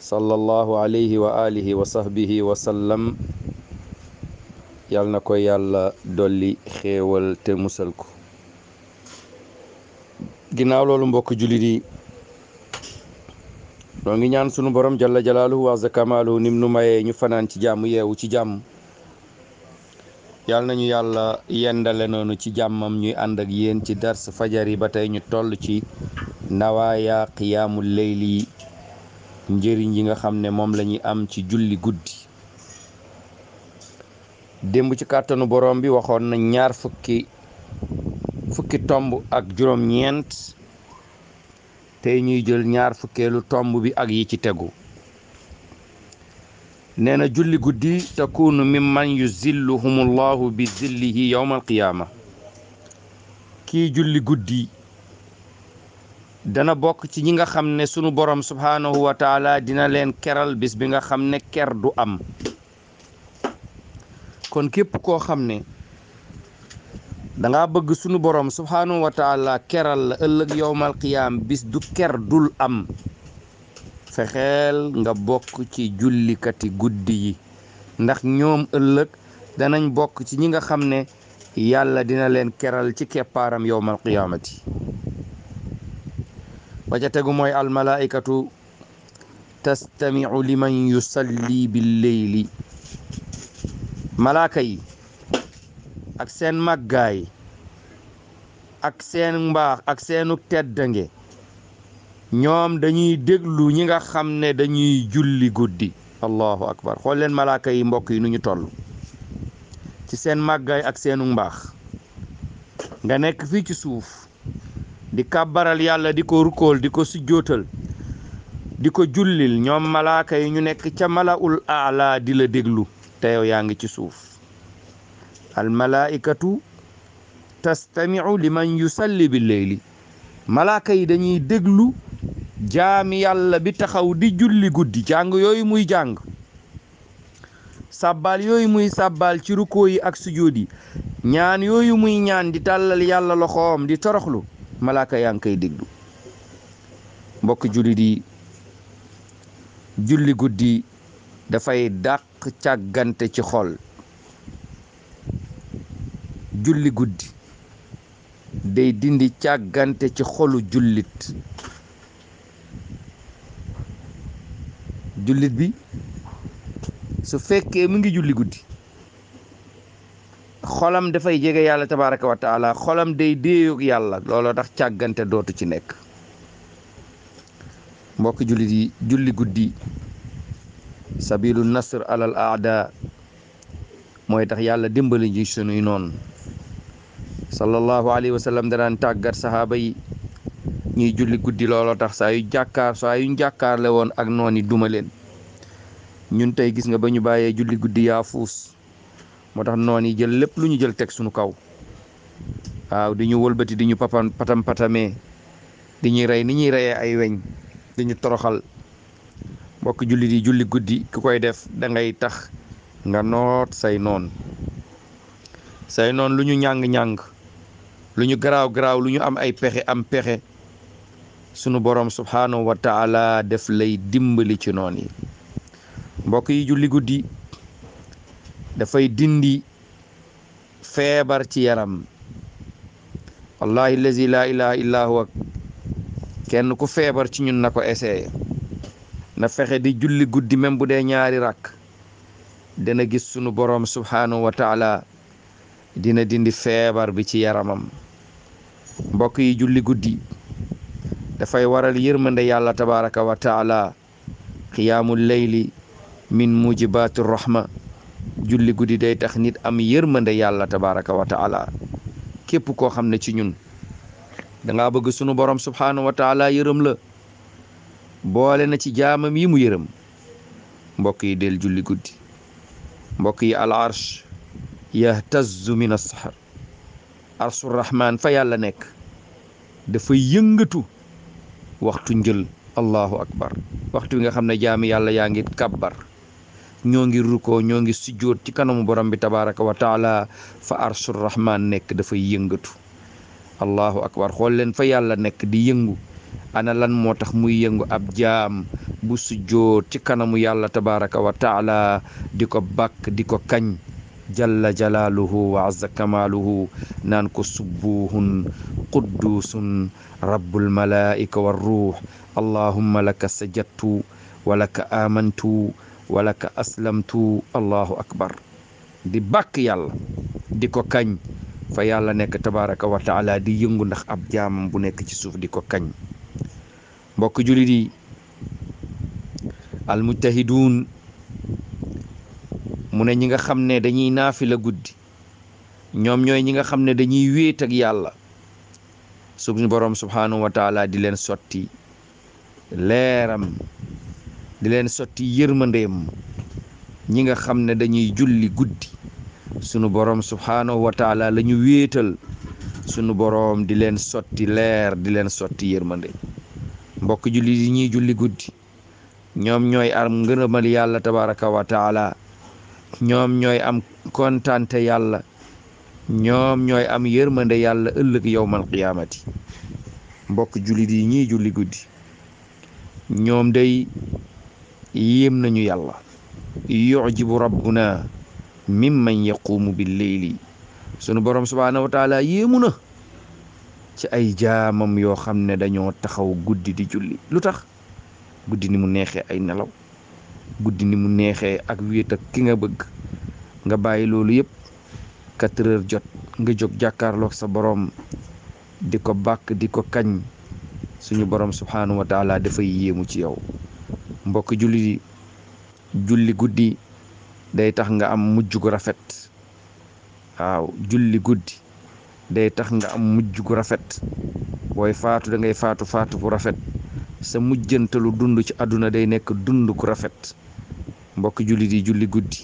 sallallahu alayhi wa alihi wa sahbihi wa sallam yal na ko yàlla dolli xéewal te musal ko ginnaaw loolu mbokk jullit yi noo ngi ñaan sunu boroom jalla jalaaluhu wa zakamaaluhu nim nu mayee ñu fanaan ci jàmm yeewu ci jàmm yal nañu yàlla yendale noonu ci jàmmam ñuy ànd ak yéen ci dars fajar yi ba tey ñu toll ci nawaaya qiyaamu leyli njëriñ yi nga xam ne moom lañuy am ci julli guddi démb ci kàttanu borom bi waxoon na ñaar fukki fukki tomb ak juróom-ñeent tey ñuy jël ñaar fukkeelu tomb bi ak yi ci tegu nee na julli guddi takunu mimman yuzilluhumullahu bi zillihi yawmal qiyaama kii julli guddi dana bokk ci ñi nga xam ne sunu borom subhaanahu wa dina leen keral bis bi nga xam ne ker du am kon képp koo xam ne danga bëgg sunu borom subhaanahu wa keral la ëllëg yowmal qiyaam bis du ker dul am fexeel nga bokk ci jullikati guddi yi ndax ñoom ëllëg danañ bokk ci ñi nga xam ne yàlla dina leen keral ci keppaaram yowmal qiyaamati ba ca tegu mooy almalaikatu tastamiu liman yusalli billeyli malaaka yi ak seen màggaay ak seen mbaax ak seenu teddange ñoom dañuy déglu ñi nga xam ne dañuy julli guddi allahu akbar xool leen malaaka yi mbokk yi nu ñu toll ci seen màggaay ak seenu mbaax nga nekk fii ci suuf di kàbbaral yàlla di ko rukkool di ko sujjootal di ko jullil ñoom malaaka yi ñu nekk ca malaul aala di la déglu te yow yaa ngi ci suuf almalaikatu tastamiu yu yusalli bi leyli malaaka yi dañuy déglu jaami yàlla bi taxaw di julli guddi jàng yooyu muy jàng sàbbaal yooyu muy sàbbaal ci rukkoo yi ak sujjóot yi ñaan yooyu muy ñaan di tàllal yàlla loxoom di toroxlu malaaka yaa ngi koy déglu mbokk jullit yi julli guddi dafay dàq càggante ci xol julli guddi day dindi càggante ci xolu jullit jullit bi su fekkee mu ngi julli guddi xolam dafay jege yàlla tabaraka wa taala xolam day déeyoog yàlla looloo tax càggante dootu ci nekk mbokk jullit yi julli guddi sabilu nasr alal aada mooy tax yàlla dimbali ji sunuy noonu sallallahu alayhi wa sallam danaan tàggat sahaaba yi ñuy julli guddi looloo tax saa yu jàkkaar saa yu jàkkaarle woon ak noon yi duma leen ñun tey gis nga ba ñu bàyyee julli guddi yaa fuus moo tax noon yi jël lépp lu ñu jël teg suñu kaw waaw di ñu wëlbati di ñu papam patam patamee di ñuy rey ni ñuy reyee ay weñ di ñu toroxal mbokk jullit yi julli guddi ki koy def da ngay tax nga noot say noon say noon lu ñu ñàng-ñàng lu ñu garaaw garaaw lu ñu am ay pexe am pexe sunu borom subhaanahu wa taala def lay dimbali ci noon yi mbokk yi julli guddi dafay dindi feebar ci yaram wallahi lazi laa ilaha illa huwa kenn ku feebar ci ñun na ko essayé na fexe di julli guddi même bu dee ñaari rakk dana gis sunu boroom subhaanahu wa dina dindi feebar bi ci yaramam mbokk yi julli guddi dafay waral yërmande yàlla tabaraka wa taala qiyaamul min mujibaati rahma julli guddi day tax nit am yërmande yàlla tabaraka wa taala képp koo xam ne ci ñun danga bëgg sunu borom subhaanahu wa taala yërëm la boole na ci jaamam yi mu yërëm mbokk yi del julli guddi mbokk yi al arsh yahtazzu min as-sahar arshur fa yàlla nekk dafa yëngatu waxtu njël allahu akbar waxtu wi nga xam ne jaami yàlla yaa ngi kabbar ñoo ngi rukkoo ñoo ngi sujjóot ci kanamu borom bi tabaraka wa fa arshur rahman nekk dafay yëngatu allahu akbar xool leen fa yàlla nekk di yëngu ana moo tax muy yëngu ab jaam bu sujjóot ci kanamu yàlla tabaraka wa di ko bàkk di ko kañ jalla jalaaluhu wa azza kamaaluhu naan ko subbuuhun qudduusun rabbul malaa'ika war ruux allahumma laka sajadtu wa laka aamantu wala ka aslamtu allahu akbar di bàkk yàlla di ko kañ fa yàlla nekk tabaraka wa di yëngu ndax ab jaamam bu nekk ci suuf di ko kañ mbokk jullit yi almujtahiduun mu ne ñi nga xam ne dañuy naafila guddi ñoom ñooy ñi nga xam ne dañuy wéet ak yàlla suñu boroom subhaanahu wa taala di leen sotti leeram di leen sotti yërmandeem ñi nga xam ne dañuy julli guddi sunu boroom subhaanahu lañu taala wéetal sunu boroom di leen sotti leer di leen sotti yërmande mbokk julli yi ñuy julli guddi ñoom ñooy am ngërëmal yàlla tabaraka wa ñoom ñooy am kontante yàlla ñoom ñooy am yërmande yàlla ëllëg yowmal qiyaamati mbokk jullit yi ñiy julli guddi ñoom day yéem nañu yàlla yujibu rabbuna mimman yaquumu bil leyli sunu borom subhaanahu wa taala yéemu na ci ay jaamam yoo xam ne dañoo taxaw guddi di julli lu tax guddi ni mu neexee ay nelaw guddi ni mu neexee ak wéet ki nga bëgg nga bàyyi loolu yëpp quatre jot nga jóg jàkkaarloog sa boroom di ko bàkk di ko kañ suñu borom subhaanahu wa dafay yéemu ci yow mbokk julli julli guddi day tax nga am mujj gu rafet waaw julli guddi day tax nga am mujj gu rafet booy faatu da ngay faatu faatu bu rafet sa mujjantalu dund ci àdduna day nekk dund ku rafet mbokk julli di julli guddi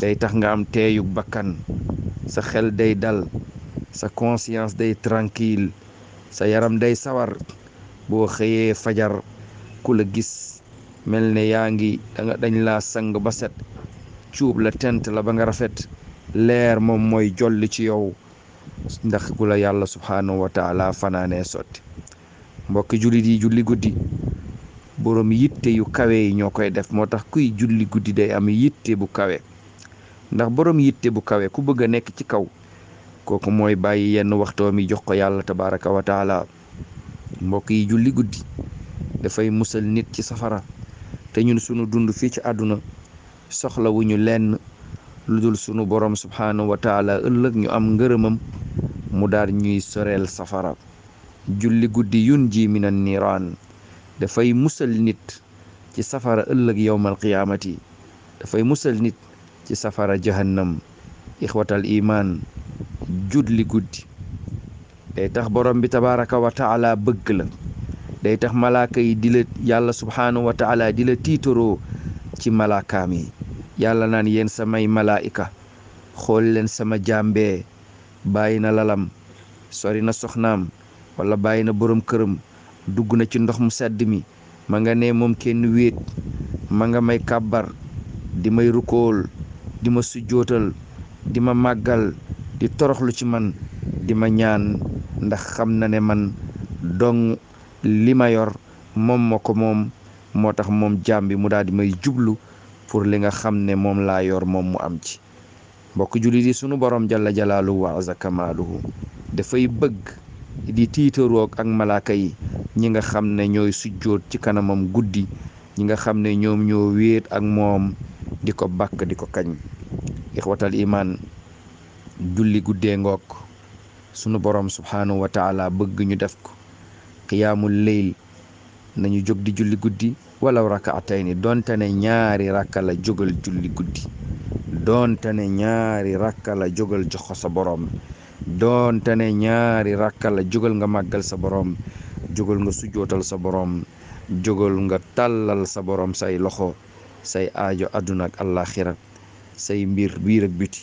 day tax nga am teeyu bakkan sa xel day dal sa conscience day tranquille sa yaram day sawar boo xëyee fajar ku la gis mel ne yaa ngi danga dañ la sang ba set cuub la tent la ba nga rafet leer moom mooy jolli ci yow ndax gu la yàlla subhaanahu wa fanaane fanaanee sotti mbokki jullit julli guddi boroom yitte yu kawe ñoo koy def moo tax kuy julli guddi day am yitte bu kawe ndax boroom yitte bu kawe ku bëgg a nekk ci kaw kooku mooy bàyyi yenn waxtoo mi jox ko yàlla tabaraka wa taala mbokk yi julli guddi dafay musal nit ci safara te ñun sunu dund fii ci àdduna soxlawuñu lenn lu dul sunu borom subhaanahu wa ëllëg ñu am ngërëmam mu daal ñuy soreel safara julli guddi yun ji minan niiraan dafay musal nit ci safara ëllëg yowmal qiyaamati dafay musal nit ci safara jahannam ixwatal imaan julli guddi day tax borom bi tabaaraka wa bëgg la day tax malaaka yi di la yàlla subhaanahu wa taala di la tiitaroo ci malaakaam yi yàlla naan yéen samay malaayika xool leen sama jàmbee bàyyi na lalam sori na soxnaam wala bàyyi na borom këram dugg na ci ndox mu sedd mi ma nga ne moom kenn wéet ma nga may kàbbar di may rukool di ma sujjootal di ma màggal di toroxlu ci man di ma ñaan ndax xam na ne man dong li ma yor moom ma ko moom moo tax moom jaam bi mu daal di may jublu pour li nga xam ne moom laa yor moom mu am ci mbokk jullit yi sunu boroom jalla jalaaluhu wa azza dafay bëgg di tiitaroog ak malaaka yi ñi nga xam ne ñooy sujjoot ci kanamam guddi ñi nga xam ne ñoom ñoo wéet ak moom di ko bàkk di ko kañ ixwatal imaan julli guddee ngoog sunu borom subhaanahu wa bëgg ñu def ko qiyaamul leyl nañu jóg di julli guddi walaw rakaatayni donte ne ñaari rakka la jógal julli guddi donte ne ñaari rakka la jógal joxo sa boroom doonte ne ñaari rakka la jógal nga màggal sa boroom jógal nga sujjootal sa boroom jógal nga tàllal sa boroom say loxo say aajo àdduna ak àllaaxira say mbir biir ak biti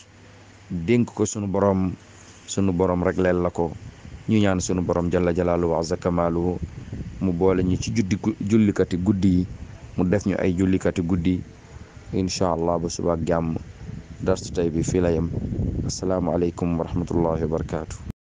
dénk ko sunu boroom sunu boroom rek leel la ko ñu ñaan sunu borom jalla jalaalu wa azza kamaaluhu mu boole ñu ci juddi jullikati guddi yi mu def ñu ay jullikati guddi incha allah ba suba ak jàmm darsu tey bi fii la yem asalaamaaleykum wa rahmatullahi wa barakaatu.